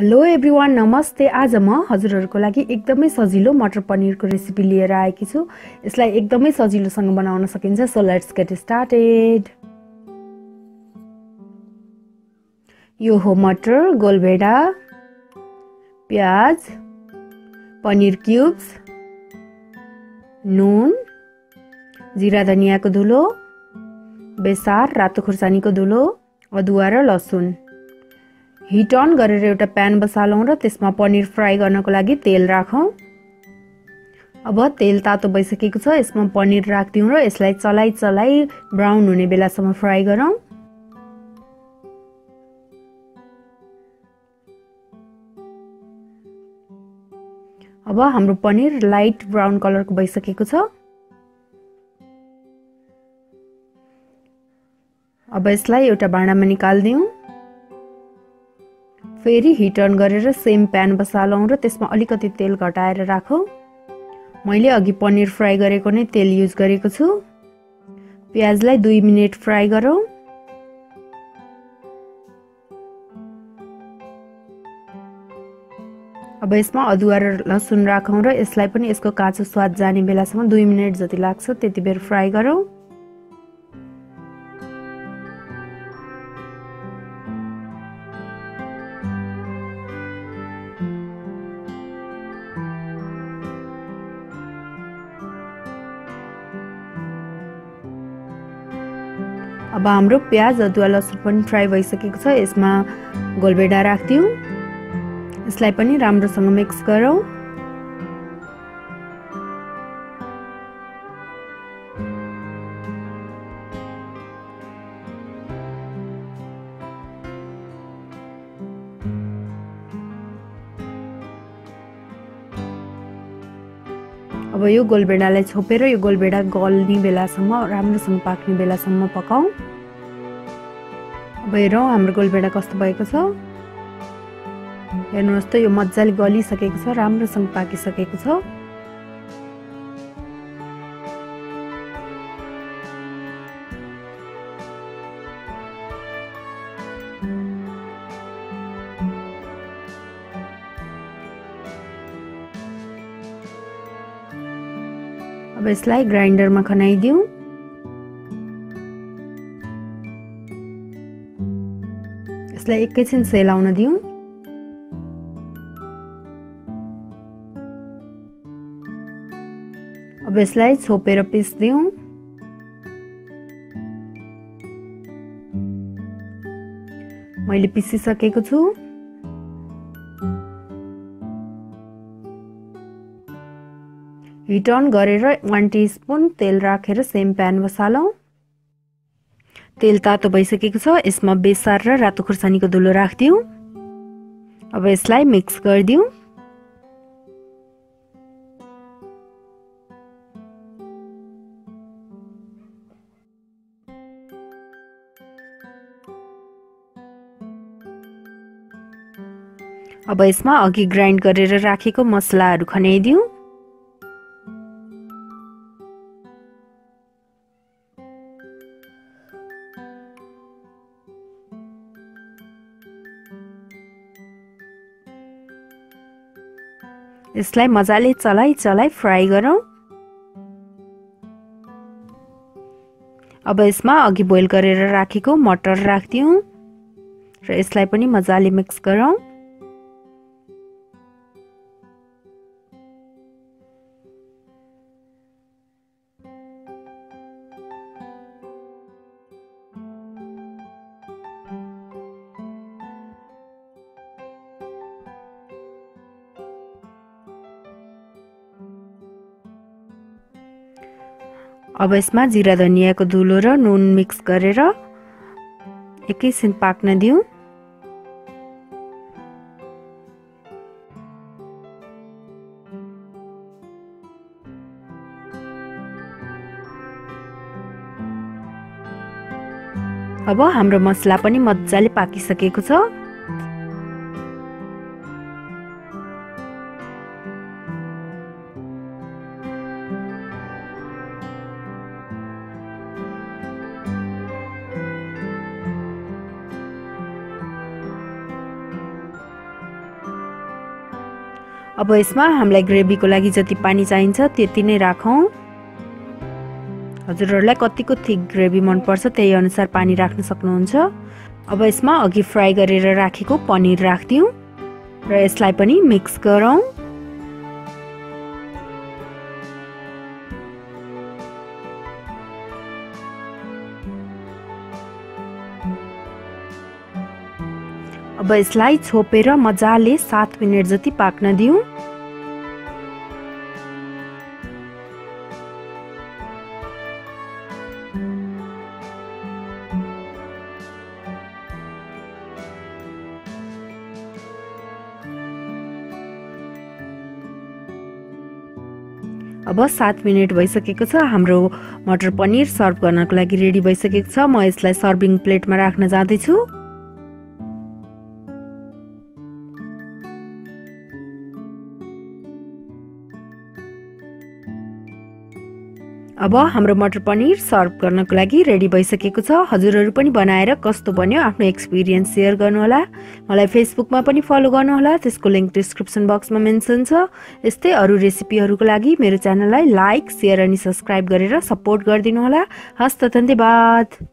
hello everyone नमस्ते आज म हजुरहरूको लागि एकदमै सजिलो मटर पनिरको रेसिपी लिएर आएकी छु यसलाई एकदमै सजिलोसँग बनाउन सकिन्छ सो लेट्स गेट स्टार्टेड यो हो मटर गोलभेडा प्याज पनिर क्युब्स नुन जिरा धनियाँको धुलो बेसार रातो खुर्सानीको धुलो अदुवा र लसुन हिट अन गरेर एउटा प्यान बसालौँ र त्यसमा पनिर फ्राई गर्नको लागि तेल राखौँ अब तेल तातो भइसकेको छ यसमा पनिर राखिदिउँ र यसलाई चलाइ चलाइ ब्राउन हुने बेलासम्म फ्राई गरौँ अब हाम्रो पनिर लाइट ब्राउन कलरको भइसकेको छ अब यसलाई एउटा भाँडामा निकालिदिउँ फेरि हिट अन गरेर सेम प्यान बसालौँ र त्यसमा अलिकति तेल घटाएर राखौँ मैले अघि पनिर फ्राई गरेको नै तेल युज गरेको छु प्याजलाई दुई मिनट फ्राई गरौँ अब यसमा अदुवा र लसुन राखौँ र यसलाई पनि यसको काँचो स्वाद जाने बेलासम्म दुई मिनट जति लाग्छ त्यति बेर फ्राई गरौँ अब हाम्रो प्याज अदुवा लसुन पनि फ्राई भइसकेको छ यसमा गोलभेडा राखिदिउँ यसलाई पनि राम्रोसँग मिक्स गरौँ अब यो गोलभेडालाई छोपेर यो गोलभेडा गल्ने बेलासम्म राम्रोसँग पाक्ने बेलासम्म पकाउँ अब हेरौँ हाम्रो गोलभेडा कस्तो भएको छ हेर्नुहोस् त यो मजाले गलिसकेको छ राम्रोसँग पाकिसकेको छ अब यसलाई ग्राइन्डरमा खनाइदिउँ यसलाई एकैछिन सेलाउन दिउँ अब यसलाई छोपेर पिस दिउँ मैले पिसिसकेको छु हिटर्न गरेर वान टिस्पुन तेल राखेर सेम प्यान बसालौँ तेल तातो भइसकेको छ यसमा बेसार र रातो खुर्सानीको धुलो राखिदिउँ अब यसलाई मिक्स गरिदिउँ अब यसमा अघि ग्राइन्ड गरेर राखेको मसलाहरू खनाइदिउँ यसलाई मजाले चलाइ चलाइ फ्राई गरौँ अब यसमा अघि बोइल गरेर राखेको मटर राखिदिउँ र यसलाई पनि मजाले मिक्स गरौँ अब यसमा जिरा धनियाँको धुलो र नुन मिक्स गरेर एकैछिन पाक्न दिउँ अब हाम्रो मसला पनि मजाले पाकिसकेको छ अब यसमा हामीलाई ग्रेभीको लागि जति पानी चाहिन्छ त्यति नै राखौँ हजुरहरूलाई कतिको थिक ग्रेभी मनपर्छ त्यही अनुसार पानी राख्न सक्नुहुन्छ अब यसमा अघि फ्राई गरेर राखेको पनिर राखिदिउँ र यसलाई पनि मिक्स गरौँ अब यसलाई छोपेर मजाले सात मिनट जति पाक्न दिउँ अब सात मिनट भइसकेको छ हाम्रो मटर पनिर सर्भ गर्नको लागि रेडी भइसकेको छ म यसलाई सर्भिङ प्लेटमा राख्न जाँदैछु अब हाम्रो मटर पनिर सर्भ गर्नको लागि रेडी भइसकेको छ हजुरहरू पनि बनाएर कस्तो बन्यो आफ्नो एक्सपिरियन्स सेयर गर्नुहोला मलाई फेसबुकमा पनि फलो गर्नुहोला त्यसको लिङ्क डिस्क्रिप्सन बक्समा मेन्सन छ यस्तै अरू रेसिपीहरूको लागि मेरो च्यानललाई लाइक सेयर अनि सब्सक्राइब गरेर सपोर्ट गरिदिनुहोला हस्त धन्यवाद